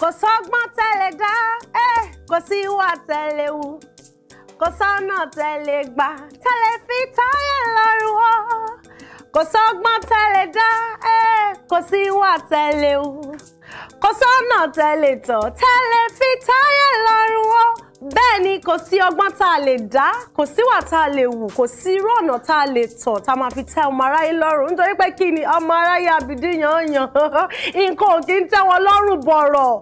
kò sọ́gbọ́n tẹ́lẹ̀ dá eh, kò sí ìwà tẹ́lẹ̀ wù kò sọ́nà tẹ́lẹ̀ gbà tẹ́lẹ̀ fi táyà lọ́rùn wọ́ kò sọ́gbọ́n tẹ́lẹ̀ dá eh, kò sí ìwà tẹ́lẹ̀ wù kò sọ́nà tẹ́lẹ̀ tọ̀ tẹ́lẹ̀ fi táyà lọ́rùn bẹ́ẹ̀ ni kò sí ọgbọ́n tá a lè dá kò síwà tá a lè wù kò sí irú ọ̀nà tá a lè tọ̀ tá a máa fi tẹ́ ọmọ aráyé lọ́rùn nítorí pé kí ni ọmọ aráyé abidí yan nǹkan ò kí ń tẹ́ wọn lọ́rùn bọ̀rọ̀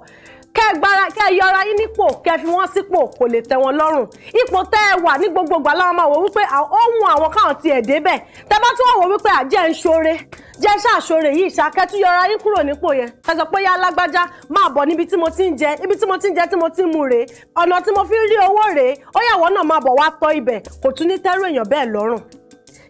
kẹ gbára kẹ yọra yín nípò kẹ fi wọn sípò kò lè tẹ́ wọn lọ́rùn ipò tẹ́ ẹ wà ní gbogbogbò aláwọn máa wò wípé ohun àwọn káwọn ti ẹ̀ débẹ̀ tẹ́ bá tún wò wípé àjẹ́ ń ṣoore jẹ́ ṣàṣoore yìí ṣàkẹ́tù yọra yín kúrò nípò yẹn ẹ sọ pé yá alágbájá máa bọ̀ níbi tí mo ti ń jẹ ibi tí mo ti ń jẹ tí mo ti ń mu rèé ọ̀nà tí mo fi ń rí owó rèé ó yàwọ́ náà máa bọ̀ wá tọ́ ibẹ̀ kò tún ní tẹ́rù èèyàn bẹ́ẹ̀ lọ́rùn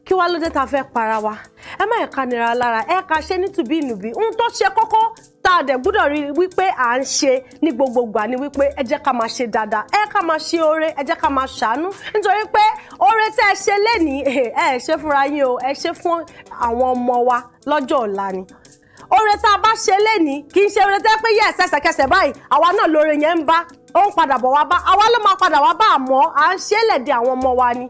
kí wá ló dé ta fẹ́ para wa ẹ má ẹ̀ka nira lára ẹ̀ka ṣe nítùbí ohun tó ṣe kókó tá a dẹ̀ gbúdọ̀ rí wípé à ń ṣe ní gbogbo ni wípé ẹ jẹ́ ká máa ṣe dáadáa ẹ ká máa ṣe oore ẹ jẹ́ ká máa ṣàánú nítorí pé oore tẹ́ ẹ ṣe lénìí ẹ ṣe fúnra yín o ẹ ṣe fún àwọn ọmọ wa lọ́jọ́ ọ̀la ni oore tá a bá ṣe lénìí kì í ṣe oore tẹ́ pé yẹ ẹsẹ̀kẹsẹ̀ báyìí àwa náà lóore yẹn ń bá ó ń padà bọ̀ wá bá àwa ló máa padà wá bá àmọ́ à ń ṣe é lẹ̀dẹ̀ àwọn ọmọ wa ni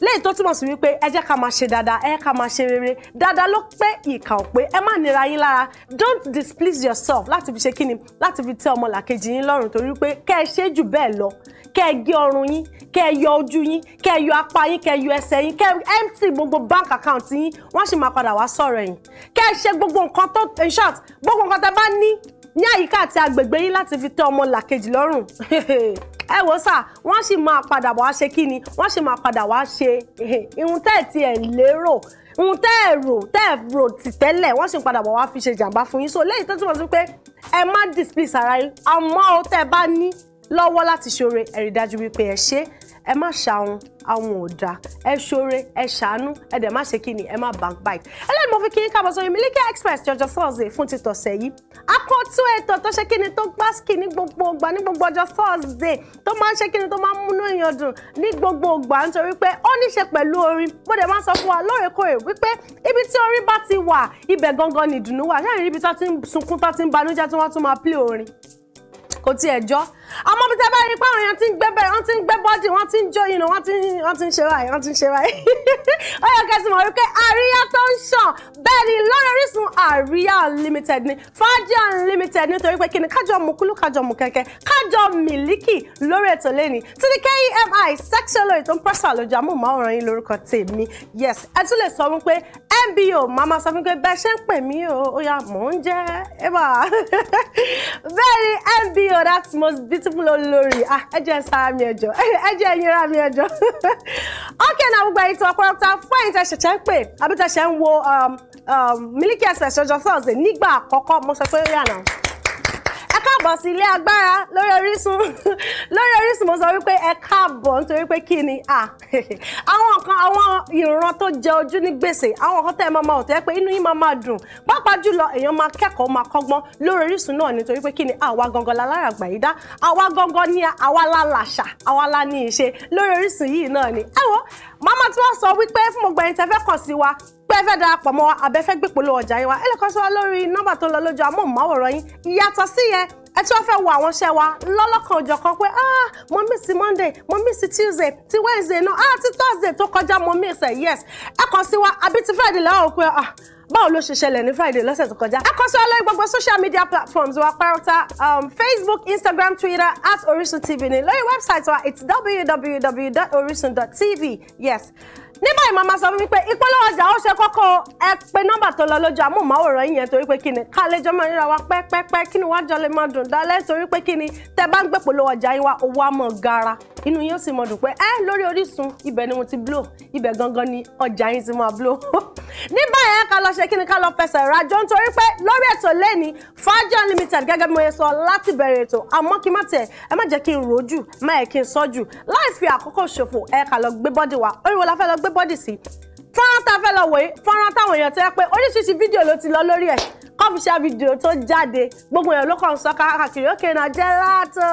léyìí tó túmọ̀ sí wípé ẹ jẹ́ ká máa ṣe dáadáa ẹ ká máa ṣe rere dáadáa ló pé ìkà ò pé ẹ má nira yín lára don't displease yourself láti fi ṣe kíni láti fi tẹ ọmọlàkejì yín lọ́rùn torí pé kẹ́ ẹ ṣe jù bẹ́ẹ̀ lọ kẹ́ ẹ gé ọrùn yín kẹ́ ẹ yọ ojú yín kẹ́ ẹ yọ apá yín kẹ́ ẹ yọ ẹsẹ̀ yín kẹ́ ẹ empty gbogbo bank account yín wọ́n sì máa padà wá sọ̀rọ̀ yín kẹ́ ẹ ṣe gbogbo nǹkan tó in short gbogbo nǹkan tẹ́ bá ní ní àyíká àti agbègbè yín láti fi tẹ ọmọlàkejì lọ́rùn ẹ wò sà wọ́n sì máa padà wá ṣe kí ni wọ́n sì máa padà wá ṣe ihun tẹ́ ẹ̀ tiẹ̀ lérò ohun tẹ́ ẹ̀ rò tẹ́ ẹ̀ rò tì tẹ́lẹ̀ sì padà wá fi ṣe jàǹbá fún yín so lẹ́yìn tó túmọ̀ sí pé ẹ má displease ara yín àmọ́ tẹ́ ẹ bá ní lọ́wọ́ láti ṣoore ẹ dájú wípé ẹ ṣe é ẹ má ṣàwọn àwọn ò dáa ẹ ṣoore ẹ ṣàánú ẹ dẹ̀ má ṣe kí ni ẹ má bike. ẹlẹ́ni mo fi kí yín káàbọ̀ sórí Miliki Express jọjọ Thursday fún títọ̀sẹ̀ yìí akọ́tún ètò tó ṣe kí ni tó gbá kí ní gbogbo ọgbà ní gbogbo ọjọ́ Thursday tó máa ń ṣe kí ni tó máa ń múnú èèyàn dùn ní gbogbo ọgbà nítorí pé ó ní ṣe pẹ̀lú orin mo dẹ̀ máa sọ fún wa lóòrèkóòrè wípé ibi tí orin bá ti wà ibẹ̀ gangan nìdùnnú wà ṣáà ibi tó ti ń sunkún tó ti ń banújẹ́ tí àmọ́ bí tẹ́ bá rí i pé àwọn èèyàn ti ń gbé bẹ́ẹ̀ wọ́n ti ń gbé bọ́dì wọ́n ti ń jó yìnyín wọ́n ti ń wọ́n ti ń ṣe báyìí wọ́n ti ń ṣe báyìí ó yẹ kẹsì mọ̀ wípé àríyá tó ń ṣàn bẹ́ẹ̀ ni lórí Orísun àríyá unlimited ni fàájì unlimited nítorí pé kíni kájọ mu kúlú kájọ mu kẹ̀kẹ́ kájọ mílíkì lórí ètò lẹ́ni ti ní kemi sexual lórí tó ń pẹ́sà lójú amóhùnmáwòrán yín lórúkọ tèmi yes ẹ tún lè sọ wípé mbo màmá sọ fún pé bẹ́ẹ̀ ṣe ń pè mí o ó yà mò ń jẹ́ ẹ bá bẹ́ẹ̀ ni mbo that's most beautiful tí mo lọ lórí ah, ẹjẹ sára mi ẹjọ ẹjẹ ìyẹra mi ẹjọ ókè náà gbogbo ẹ̀yin tí wọn pọnpọta fún ẹ̀yin tẹ́ ṣẹ̀ṣẹ̀ ń pè àbí tẹ́ ṣẹ̀ um, um, Miliki Express ọjọ́ Thursday nígbà àkọ́kọ́ mo sọ pé yàrá káàbọ̀ sí ilé agbára lórí Orísun lórí Orísun mo sọ wípé ẹ káàbọ̀ nítorí pé kí ni ah, àwọn nǹkan àwọn ìran tó jẹ ojú ní gbèsè àwọn nǹkan tẹ́ ẹ máa máa ọ̀tọ̀ ẹ pé inú yín máa máa dùn pàápàá jùlọ èèyàn máa kẹ́kọ̀ọ́ máa kọ́gbọ́n lórí Orísun náà nítorí pé kí ni àwa gangan la lára àgbà yìí dá àwa gangan ni àwa la làṣà àwa la ní ìṣe lórí Orísun yìí náà ni ẹ wo màmá tí wọ́n sọ wípé fún gbogbo ẹ̀yin tẹ́ fẹ́ kàn sí wa pé ẹ fẹ́ darapọ̀ mọ́ abẹ́fẹ́ gbèpolówó ọjà yín wa ẹ lè kàn sí wa lórí nọ́mbà tó lọ lójú amóhùnmáwòrán yín ìyàtọ̀ sí yẹn ẹ tí wọ́n fẹ́ wo àwọn iṣẹ́ wa lọ́lọ́kan òjọ̀kan pé ah mo miss monday mo miss tuesday ti wednesday náà ah ti thursday tó kọjá mo miss ẹ̀ yes ẹ kàn sí wa àbí ti friday lẹ́wọ̀n pé ah báwo ló ṣe ṣẹlẹ̀ ní friday lọ́sẹ̀ tó kọjá. ẹ kàn sí wa lórí gbogbo social media platforms wa pẹ́rọ́tà um, facebook instagram twitter at orisun tv ni lórí website wa it's www.orisun.tv yes ní báyìí màmá sọ wípé ìpolówó ọjà ó ṣe kọ́kọ́ ẹ pé nọ́mbà tó lọ lójú amóhùnmáwòrán yìí yẹn torí pé kí ni ká lè jọ máa ríra wa pẹ́pẹ́pẹ́ kí ni wájọ lè máa dùn dálẹ́ torí pé kí tẹ bá ń gbé polówó ọjà yín wa owó á mọ̀ gara inú yóò sì mọ dùn pé ẹ lórí Orísun ibẹ̀ ni mo ti blow ibẹ̀ gangan ni ọjà yín ti máa blow ní báyẹn ká lọ ṣe kí ni ká lọ fẹsẹ̀ rajọ nítorí pé lórí ètò lẹ́ni Fàájì Unlimited gẹ́gẹ́ bí mo yẹ sọ láti bẹ̀rẹ̀ ètò àmọ́ kí n má tẹ̀ ẹ má jẹ́ kí n rò jù má yẹ kí n sọ láì fi àkókò ṣòfò ẹ ká lọ gbé bọ́dì wa oríwo la fẹ́ lọ gbé bọ́dì sí fọ́nrán tá a fẹ́ lọ wòye fọ́nrán táwọn èèyàn tó yẹ pé oríṣiríṣi fídíò ló ti lọ lórí ẹ̀ kọ́fíṣà fídíò tó jáde gbogbo èèyàn ló kàn sọ káàkiri ókè náà gelato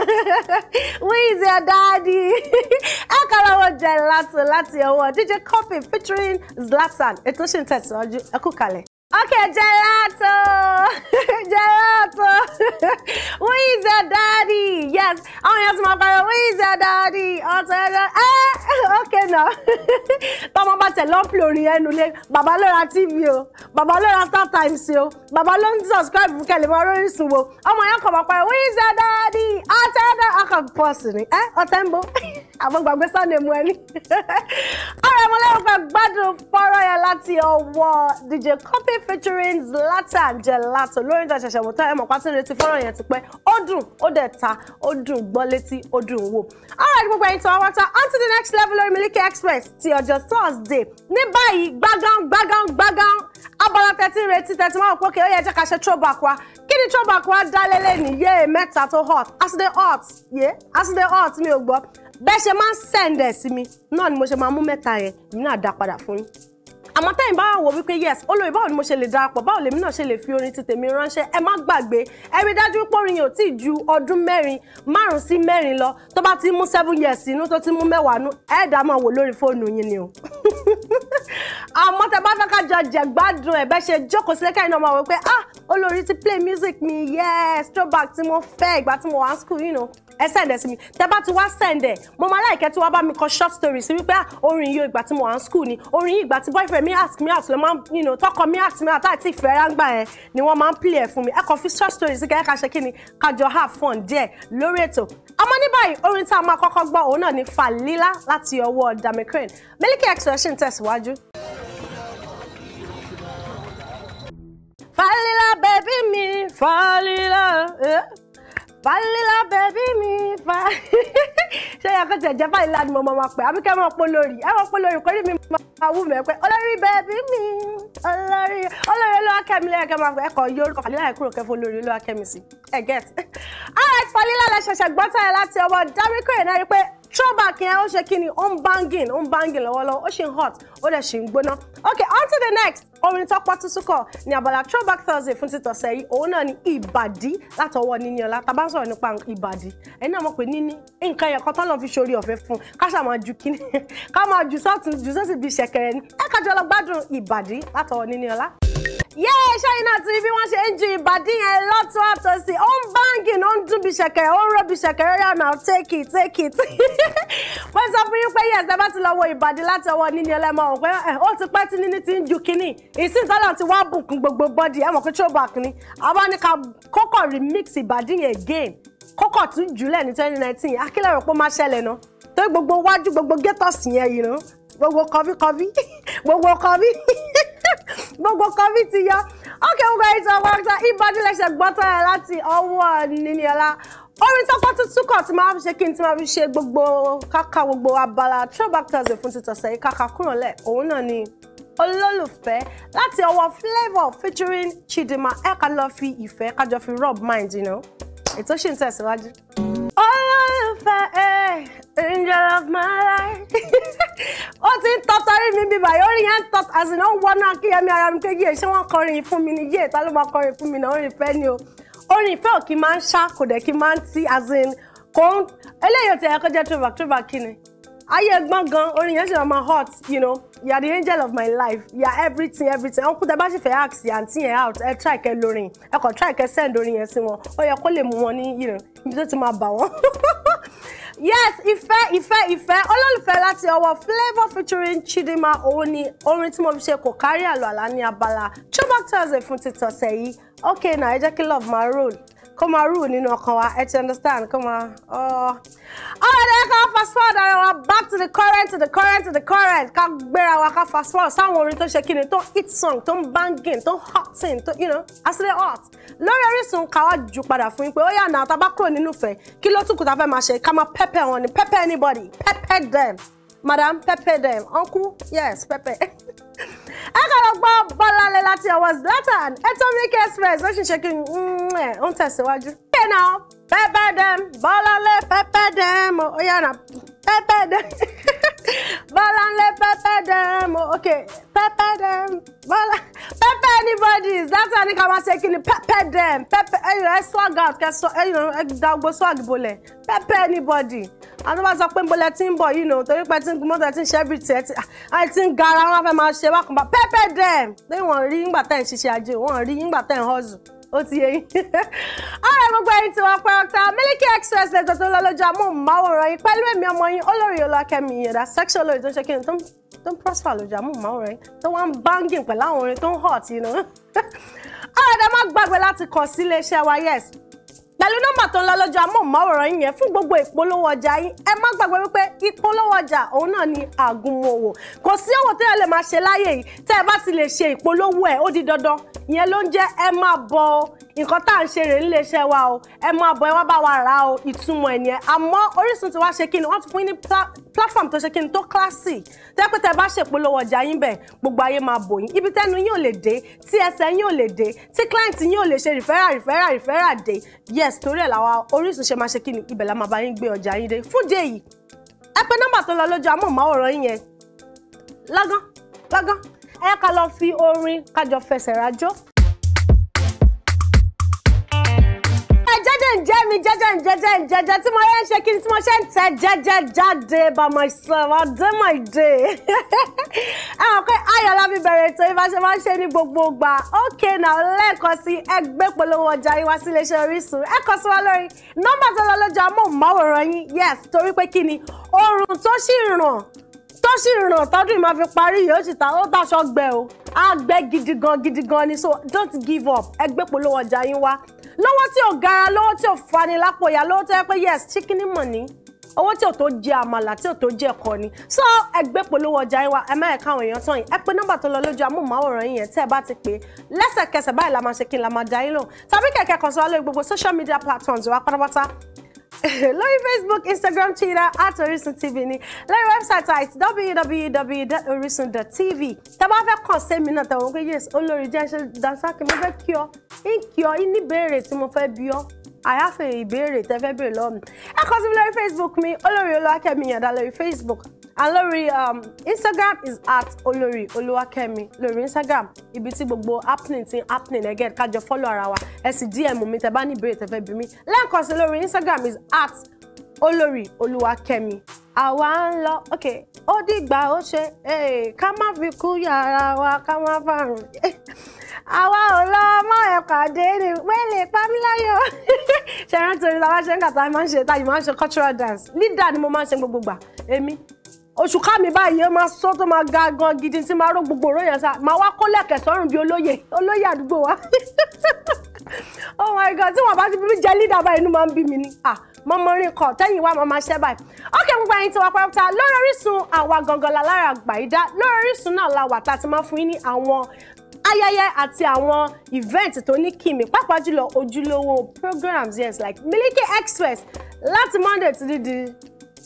where is your daddy ẹ kọ́ra wọn gelato láti ọwọ́ DJ Coffee featuring Zlatan ètò ṣì ń tẹ̀síwájú ẹ kú kalẹ̀. Okay, gelato, gelato. Where is your daddy? Yes, àwọn èèyàn ti máa pariwo where is your daddy? ọ̀tọ̀ ẹ̀jẹ̀ ẹ́ ok now tọmọ bá tẹ̀ lọ́ọ̀pì orin ẹnu lé bàbá ló ra tv o bàbá ló ra star times o bàbá ló ń subscribe fún kẹlẹ́ mọ́ lórí sùn wo ọmọ yẹn kọ̀ mọ́ pé wí ṣe dáadí ọ̀tẹ́dá ọkọ̀ pọ̀sì ni ẹ ọ̀tẹ́ ń bọ̀ àwọn gbàgbé sunday mu ẹni ọ̀rẹ́ mo lérò pé gbádùn fọ́rọ̀ yẹn láti ọwọ́ dj copy featuring zlatan gelato lórí ìta ṣẹ̀ṣẹ̀ wò tán ẹ mọ̀ pátí retí fọ́rọ̀ yẹn ti pẹ́ ó dùn ó dẹ̀ ta ó dùn gbọ́ létí ó dùn wò ọ̀rẹ́ gbogbo ẹ̀yin tí wọ́n wá ta until the next level jábọ̀ lórí Miliki Express ti ọjọ́ Thursday ní báyìí gbágán gbágán gbágán abala tẹ́tí retí tẹ́tí máa pọ́kẹ́ ó yẹ jẹ́ ká ṣe throwback wa kí ni throwback wa dá lélẹ̀ nìyé mẹ́ta tó hot aside hot yé aside hot mi ò gbọ́ bẹ́ẹ̀ ṣe máa ń send ẹ̀ sí mi náà ni mo ṣe máa mú mẹ́ta yẹn èmi náà dá padà fún yín àmọ́ tẹ́yìn bá wò wípé yes olórí báwo ni mo ṣe lè darapọ̀ báwo lèmi náà ṣe lè fi orin ti tèmi ránṣẹ́ ẹ má gbàgbé ẹ rí dájú pé orin yẹn ò tí ì ju ọdún mẹ́rin márùn sí mẹ́rin lọ tó bá ti mú seven years inú tó ti mú mẹ́wàá nú ẹ dá máa wò lórí fóònù yín ni o àmọ́ tẹ bá fẹ́ ká jọ jẹ gbádùn ẹ̀ bẹ́ẹ̀ ṣe jókòó sílẹ̀ káyìn náà máa wọ pé ah olórí ti play music mi yes throwback tí mo fẹ́ ìgbà tí mo wà ní school yìí you know ẹ sẹ́ndẹ̀ sí mi tẹ́ bá ti wá sẹ́ndẹ̀ mo máa láìkẹ́ tí wọ́n bá mi kọ short story sí wípé ah, orin yìí ìgbà tí mo wà ní school ni orin yìí ìgbà tí boyfriend mi ask me out lọ máa you know, tọkọ mi ask me out àti ìfẹ́ ráńgbà yẹn ni wọ́n máa ń play ẹ̀ fún mi ẹ kàn fi short story sí kẹ́kẹ́ ṣe kí ni kájọ have fun díẹ̀ lórí ètò àmọ́ ní báyìí orin tá a máa kọ́kọ́ gbọ́ òun náà ni Falila láti ọwọ́ Damicrane Miliki expression ṣì ń tẹ̀síwájú. Falila baby mi Falila. Eh? falila bẹbí mi fa ṣé yẹ kó tiẹ̀ jẹ́ falila ni mo mọ máa pẹ́ àbí kẹ́ mọ̀ polórí ẹ mọ̀ polórí kórìí mi máa wù mẹ́ pé olórí bẹbí mi olórí olórí olówó kẹ́mi lẹ́yìn kẹ́ máa pẹ́ ẹ̀kọ́ yóò orúkọ falila ẹ̀kúrò kẹ́ fún olórí olówó kẹ́mi sí ẹ̀ gẹ́t all right falila lẹ ṣẹ̀ṣẹ̀ gbọ́tọ̀ yẹn láti ọmọ dáríkò yẹn náà rí pé throwback yẹn ó ṣe kí ni ó ń banging ó banging lọ́wọ́lọ́wọ́ ó ṣe ń hot ó dẹ̀ ṣe ń gbóná. ok on to the next orin tọ́pọ́ tuntun kọ̀ ní abala throwback thursday fún títọ̀sẹ̀ yìí òun náà ni ìbàdí látọwọ́ níníọlá tá a bá ń sọ̀rọ̀ nípa ìbàdí ẹ̀yin náà mọ̀ pé níní nǹkan ẹ̀yọ̀kan tó lọ́n fi ṣorí ọ̀fẹ́ fún ká ṣàmà ju kíní ká máa jù sọ́tún jù sọ́sì bíi ṣẹ̀kẹ̀rẹ̀ ni ẹ̀ka jọ lọ gbádùn ìbàdí látọwọ́ níníọlá yé ṣáyínà ti bí wọ́n ṣe ń ju ìbàdí yẹn lọ́tọ́ àtọ́sí ó ń báńgì ó ń dún bí ṣẹ̀kẹ̀rẹ̀ ó ń rọ́ bí ṣẹ̀kẹ̀rẹ̀ yà náà take it take it. wọ́n sọ fún yín pé yẹ̀ ṣẹ́ bá ti lọ wo ìbàdí láti ọwọ́ níní ẹlẹ́mọ̀ ọ̀hún pé eh, ó ti pẹ́ tí níní ti ń ju kínní ìsìntọ́lọ̀ ti wá bùkún gbogbo bọ́dì ẹ̀mọ̀ pé throwback ni àwa ní ká kọ́kọ́ remix ìbàdí yẹn again kọ́kọ́ tún jùlẹ̀ ní 2019 akílẹ̀ rò pé ó máa ṣẹlẹ̀ náà torí gbogbo wájú gbogbo gétọ̀sì yẹn yìí ná gbogbo kọfí kọfí gbogbo kọfí gbogbo kan bí ti yọ ókè ń gba ètò ọmọ ọ̀tá ìbádìlẹ̀ṣẹ̀ gbọ́tọ̀ ẹ̀ láti ọwọ́ níníọlá orin tọ́pọ́ tuntun kan tí máa fi ṣe kí n tí máa fi ṣe gbogbo káka gbogbo abala throwback thursday fún títọ̀sẹ̀ yìí káka kúrò lẹ̀ òun náà ni olólùfẹ́ láti ọwọ́ flavour featuring chidinma ẹ ká lọ fi ìfẹ́ kájọ fi rub mind you know ètò ṣì ń tẹ̀síwájú fẹ́ angel of my life. ó ti ń tọ́ torí mi bíbá yóò rí yẹn tọ́ àsìnà ń wọnú akíyẹmí ara mi kéjì ṣé wọ́n kọrin fún mi nìyí ètò ló máa kọrin fún mi náà orin ìfẹ́ ni o orin ìfẹ́ ò kí máa ń ṣá kò dẹ̀ kí máa ń tí àsìn kò ń eléyìí ò ti ẹ̀kọ́ jẹ́ throwback throwback ni ayé ẹgbọ́n gan orin yẹn sì máa hot you know you are the angel of my life you are everything everything ọkùnrin tẹ bá sì fẹ́ ask àǹtí yẹn out ẹ try kẹ lórin ẹ kàn try kẹ send orin yẹn sí wọn ó yẹ kó lè mú wọn ní ìrìn ibi tó ti máa bà wọ́n yes ìfẹ́ ìfẹ́ ìfẹ́ olólùfẹ́ láti ọwọ́ flavour featuring chidima, òun ni orin tí mo fi ṣe kò kárí àlọ́ àlá ní abala throwback thursday fún títọ̀sẹ̀ yìí okay now ẹ jẹ́ kí love my role kó máa rú nínú ọkàn wa ẹ ti understand kó máa ọ. ọ̀rọ̀ ẹ̀ ká fast forward ara wa back to the current to the current to the current ká gbéra wa ká fast forward sáwọn orin tó ṣe kí ni tó hit song tó ń banging tó hotting tó you know asile hot lórí Orísun ká wá jù padà fún yín pé ó yà náà tá bá kúrò nínú fẹ́ kí ló tún kù tá fẹ́ máa ṣe ká máa pepper wọn ni pepper anybody pepper them madam pepper them uncle yes pepper. ẹ kọ́lọ́ gbọ́ bọ́lálẹ̀ láti ọwọ́ zlatan ètò Miliki Express ó sì ṣe kí n mm, tẹ̀síwájú. ṣé na pẹ́pẹ́ dẹ́m bọ́lálẹ̀ pẹ́pẹ́ dẹ́m ó yà nà pẹ́pẹ́ dẹ́m bọ́lálẹ̀ pẹ́pẹ́ dẹ́m ok pẹ́pẹ́ dẹ́m bọ́lá pẹ́pẹ́ anybody zlatan ní ká máa ṣe kí ni pẹ́pẹ́ dẹ́m pẹ́pẹ́ ẹ̀yìn ẹ̀ swag out kẹ́ ẹ̀ dá gbogbo swag bolẹ̀ pẹ́pẹ́ anybody àwọn tó bá sọ pé ń bolẹ̀ tí ń bọ̀ yìí nù torí pé tí ń gun mọ́tò ẹ̀ tí ń ṣe bí tiẹ̀ tí ẹ̀ tí ń gara wọn fẹ́ máa ṣe wákùnbà pẹ́pẹ́ dẹ̀ pé wọ́n rí yíngbà tẹ̀ ń ṣiṣẹ́ ajé wọ́n rí yíngbà tẹ̀ ń hustle ó ti yẹ yín. ọ̀rẹ́ gbogbo ẹ̀yin tí wọ́n pẹ́ ọ̀tá Miliki Express lẹ́tọ̀ tó lọ lójú amóhùnmáwòrán yín pẹ̀lú èmi ọmọ yín olórí Ọlákẹ́mi Ìyẹ̀dá section lórí tó ń ṣe kí ni tó ń prosper lójú amóhùnmáwòrán yín tó wá ń banging pẹ̀lú àwọn orin tó ń hot yìí nù. ọ̀rẹ́ dẹ́ má gbàgbé láti kàn sí iléeṣẹ́ wa yes pẹ̀lú nọ́mbà tó ń lọ lọ́jọ́ amóhùnmáwòrán yín yẹn fún gbogbo ìpolówó ọjà yín ẹ má gbàgbé wípé ìpolówó ọjà òun náà ni àgùnmọ̀wò kò sí òwò tó yẹ lè máa ṣe láyé yìí tẹ́ ẹ bá ti lè ṣe ìpolówó ẹ̀ ó di dandan ìyẹn ló ń jẹ́ ẹ máa bọ nǹkan tá à ń ṣe rèé níléeṣẹ́ wa o ẹ máa bọ̀ ẹ wá bá wa rà o ìtumọ̀ ẹ̀ nìyẹn àmọ́ Orísun ti wá ṣe kí ni wọ́n ti fún yín ní platform tó ṣe kí ni tó classy tẹ́pẹ́tẹ́ bá ṣèpolówó ọjà yín bẹ̀ gbogbo ayé máa bò yín ibi tẹ́nu yín ò lè dé tí ẹsẹ̀ yín ò lè dé tí client yín ò lè ṣe rìfẹ́rà rìfẹ́rà rìfẹ́rà dé yes torí ẹ̀ làwa Orísun ṣe máa ṣe kí ni ibẹ̀ la máa bá yín gbé ọjà yín dé fún díẹ̀ yìí ẹ pé nọ́mbà tó lọ lójú amóhùnmáwòrán yín yẹn ẹ ká lọ fi orin kájọ fẹsẹ̀ rájọ́ jẹ́jẹ́ jẹ́jẹ́ jẹ́jẹ́ tí mo yẹ ṣe kí ni tí mo ṣe ń tẹ jẹ́jẹ́ jáde by myself I dey my day. ẹ mọ̀ pé ayọ̀lábí bẹ̀rẹ̀ ètò ìbáṣe ní gbogbo ìgbà okay now lẹ́ẹ̀kan sí ẹgbẹ́ polówó ọjà yín wá sí iléeṣẹ́ Orísun ẹ kàn sí wa lórí nọ́mbà tó lọ lójú amóhùnmáwòrán yín yes torí pé kí ni oorun tó sì ràn tó sì ràn tọdún ìmọ̀ fi parí yìí ó sì ta ó daṣọ gbẹ o á gbẹ gidi ni so don't give up ẹgbẹ́ polówó ọjà yín wá lọ́wọ́ tí ò gara lọ́wọ́ tí ò fani lápò ìyá lọ́wọ́ tó yẹ pé yes chicken mọ̀ ní owó tí ò tó jẹ àmàlà tí ò tó jẹ ẹ̀kọ ni so ẹgbẹ́ polówó ọjà yín wa ẹ má ẹ̀ka àwọn èèyàn tán yìí ẹ pé nọ́mbà tó lọ lójú amóhùnmáwòrán yín yẹn tẹ́ ẹ bá ti pè é lẹ́sẹ̀kẹsẹ̀ báyìí la máa ṣe kí n la máa dá yín lò tàbí kẹ̀kẹ́ kan sọ wá lórí gbogbo social media platforms wa pátápátá lórí Facebook Instagram Twitter at Orisun TV ni lórí website at www.orisun.tv tẹ́ bá fẹ́ kàn sẹ́mi náà tẹ̀wọ́n pé yes olórí jẹ́nsẹ́ Dansaki mo fẹ́ kí ọ ń kí ọ ní ìbéèrè tí mo fẹ́ bí ọ àyàfẹ́ ìbéèrè tẹ́ fẹ́ béèrè lọ́mù ẹ kàn sí mi lórí Facebook mi olórí olúwakẹ́mi yàndá lórí Facebook and lórí um, Instagram is at olórí olúwakẹ́mi Lori Instagram ibi tí gbogbo happening ti happening again kájọ follow ara wa ẹ sì DM mi tẹ bá ní ìbéèrè tẹ fẹ́ bí mi lẹ́ẹ̀kan sí lórí Instagram is at olori olúwakẹ́mi àwa ń lọ ok ó dìgbà ó ṣe eh, ká má fi kú yàrá wa ká má fàrùn àwa ò lọ ọmọ ẹ pàdé ni wẹ́lẹ̀ pamíláyọ̀ ṣe rántí orin tàwa ṣe ń kàtà máa ń ṣe tàyè máa ń ṣe cultural dance leader ni mo máa ń ṣe gbogbo gbà èmi oṣù ká mi báyìí ó máa sọ tó máa ga gan gidi tí máa ró gbogbo òró yẹn sá máa wá kólẹ̀ kẹsọ́rùn bíi olóyè olóyè àdúgbò wa oh my god tí wọn bá ti fi jẹ leader báyìí inú máa ń bí mi ni ah mọmọrin kọ tẹ̀yìn wa máa ṣẹ báyìí ok gbogbo ẹ̀yin tí wọn pátá lórí Orísun àwa gangan la lára àgbàyídá lórí Orísun náà la wà tá a ti máa fún yín ní àwọn ayẹyẹ àti àwọn event tó ní kìmí pàápàá jùlọ ojúlówó programs yes like Miliki Express láti Monday to di di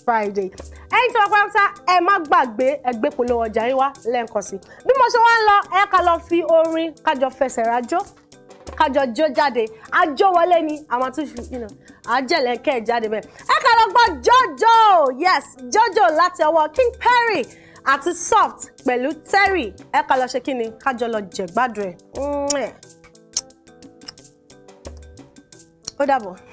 friday ẹ̀yin tí wọ́n pátá ẹ má gbàgbé ẹgbẹ́ polówó ọjà yín wá lẹ́ǹkan sí bí mo ṣe wá ń lọ ẹ ká lọ fi orin kájọ fẹsẹ̀ rájọ́ kájọ jó jáde àjọ wọlé ni àwọn àtúnṣe yìí náà àjẹlẹ̀kẹ́ jáde bẹ́ẹ̀ ẹ ká lọ gbọ́ jojo yes jojo láti ọwọ́ king perry àti soft pẹ̀lú terry ẹ ká lọ ṣe kí ni kájọ lọ jẹ̀gbádùn ẹ̀ ó dàbọ̀.